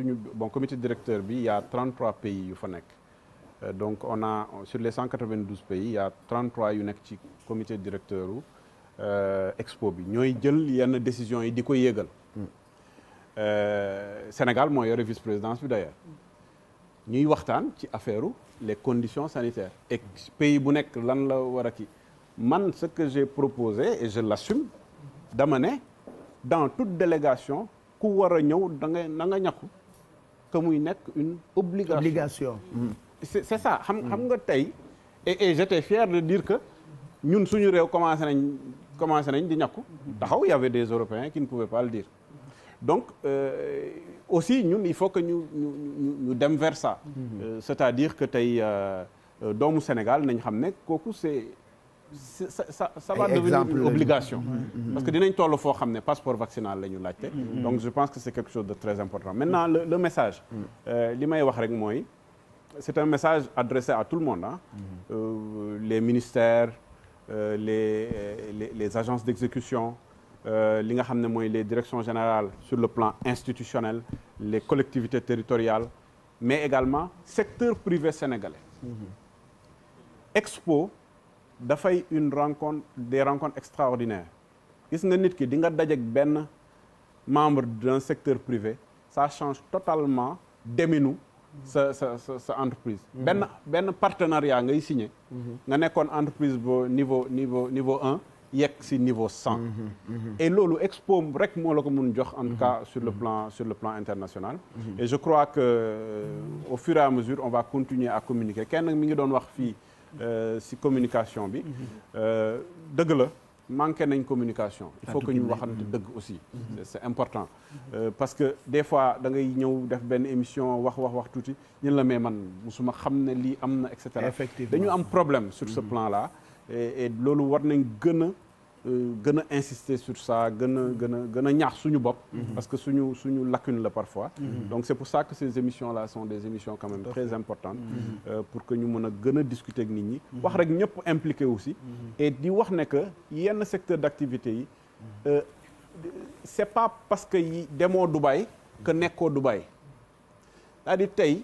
suñu bon comité directeur bi il y a pays yu fa nekk euh, donc on a sur les 192 pays il y a yu nekk ci comité directeur u euh, expo bi ñooy jël yenn décisions yi di ko yéegal hmm. euh, Sénégal moo yore vice présidence bi d'ailleurs ñuy waxtaan ci affaire les conditions sanitaires et pays bu nekk lan la war a kii man ce que j'ai proposé et je l'assume dama ne dans toute délégation ku war a ñëw da nga na nga ñàkku que muy nekk une obligation obligation. Mm. c'est c'est ça xam xam mm. nga tey. et et j'étais fier de dire que ñun suñu réew commencé nañ commencé nañ di ñakku taxaw y des européens qui ne pouvaient pas le dire donc euh, aussi ñun il faut que ñu ñu dem vers ça. Mm. Euh, c'est-à-dire que tey euh, euh, doomu Sénégal nañ xam ne kooku c'est ça ça va devenir obligation mm-hmm. Mm-hmm. parce que dinañ toll foo xam ne passeport vaccinal la ñu laajte mm-hmm. donc je pense que c'est quelque chose de très important maintenant le, le message mm. euh, li may wax rek mooy c'est un message adressé à tout le monde ah les ministères euh, les, euh, les les agences d'exécution li nga xam ne mooy les directions générales sur le plan institutionnel les collectivités territoriales mais également secteur privé sénégalais dafay une rencontre des rencontres extraordinaires gis nga nit ki di nga dajeek benn membre d'un secteur privé sa change totalement deminu sa sa sa sa entreprise mhm. benn benn partenariat ngay signé mhm. nga nekkoon entreprise ba niveau niveau niveau un yegg si niveau cent mhm, et loolu expo rek moo la ko mun jox en tout cas sur le plan sur le plan international et je crois que au fur et à mesure on va continuer à communiquer kenn mi ngi doon wax fii Euh, si communication bi mhm. euh, dëgg la manqué nañ communication il faut que ñu waxante mhm. dëgg aussi mhm. c'est important euh, parce que des fois da ñëw def benn émission wax wax wax tuuti ñun la mais man musuma xam ne lii am na et cetera dañu am problème sur ce plan là loolu war nañ gën a gën a insister sur saa gën a gën a gën a ñaax suñu bopp mhm. parce que suñu suñu lacune la parfois mhm. donc c'est pour ça que ces émissions là sont des émissions quand très importantes mhm. Euh, pour que ñu mën a gën a discuter ak nit ñi wax rek ñëpp impliqué aussi et di wax ne que yenn secteur d'activité yi euh, c'est pas parce que yi demoo Dubaï que nekkoo Dubaï cest à tey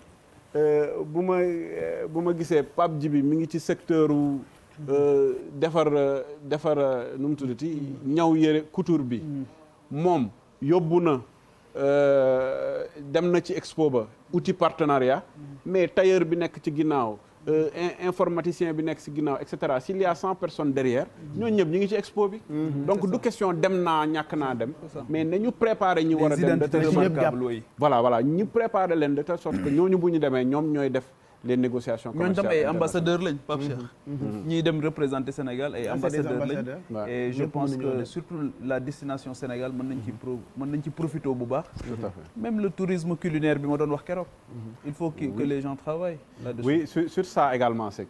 euh, bu ma bu ma gisee Pape Djibi mi ngi ci secteur Euh, defar euh, defar euh, nu mu tuddati ñaw yére couture bi mm-hmm. moom yóbbu na dem na ci expo ba outil partenariat mm-hmm. mais tailleur bi nekk ci ginnaaw informaticien bi nekk si ginnaaw et cetera s'il y a cent personnes derrière mm-hmm. ñoo ñëpp ñu ngi ci expo bi donc du question dem naa ñàkk naa dem mais na ñu préparer ñi war a dem de telle sorte que voilà voilà ñu que ñooñu bu ñu demee ñoom ñooy def les négociations commerciales ñooñu tam ay ambassadeurs lañ Pape Cheikh. Mm-hmm. Mm-hmm. dem représenter Sénégal ay ah, ambassadeurs lañ. et je pense que surtout la destination Sénégal mën nañ ci mm-hmm. pro mën nañ ci profité bu baax. tout même le tourisme culinaire bi ma doon wax keroog. il faut que les gens travaillent là-dessus. oui sur sur ça également c'est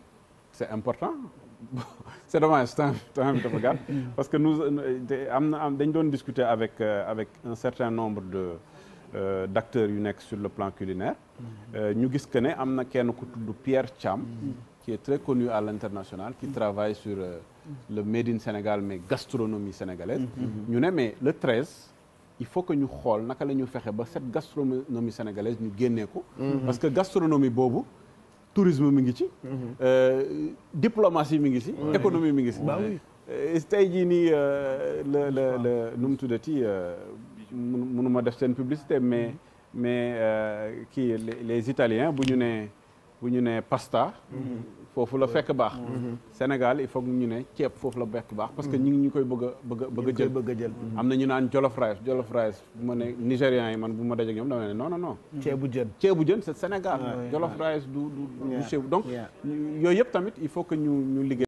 c'est important. temps bi parce que nous euh, am na am dañ doon discuter avec euh, avec un certain nombre de. Euh, d' acteurs yu nekk sur le plan culinaire euh, ñu gis que ne am na kenn ku tudd Pierre Thiam qui est très connu à l'international qui travaille sur euh, le made in Sénégal mais gastronomie sénégalaise ñu ne mais le 13 il faut que ñu xool naka la ñu fexe ba cette gastronomie sénégalaise ñu génnee ko parce que gastronomie boobu tourisme mi ngi ci diplomatie mi ngi ci économie mi ngi ci tey jii nii la la la nu ti tuddati bëgguma def seen publicité mais mm-hmm. mais euh, kii les italiens bu ñu nee bu ñu nee pasta. Mm-hmm. foofu la fekk baax. Mm-hmm. Sénégal il faut ñu ne ceeb foofu la fekk baax. parce que ñu ngi ñu koy bëgg a bëgg bëgg jël bëgg a jël. am na ñu naan jollof rice jollof rice bu ma ne Nigérians yi man bu ma dajeeg ñoom dama ne non no non. ceebu jën ceebu jën c'est Sénégal. Ah, jollof ah. rice du du donc yooyu yëpp tamit il faut que ñu liggéey.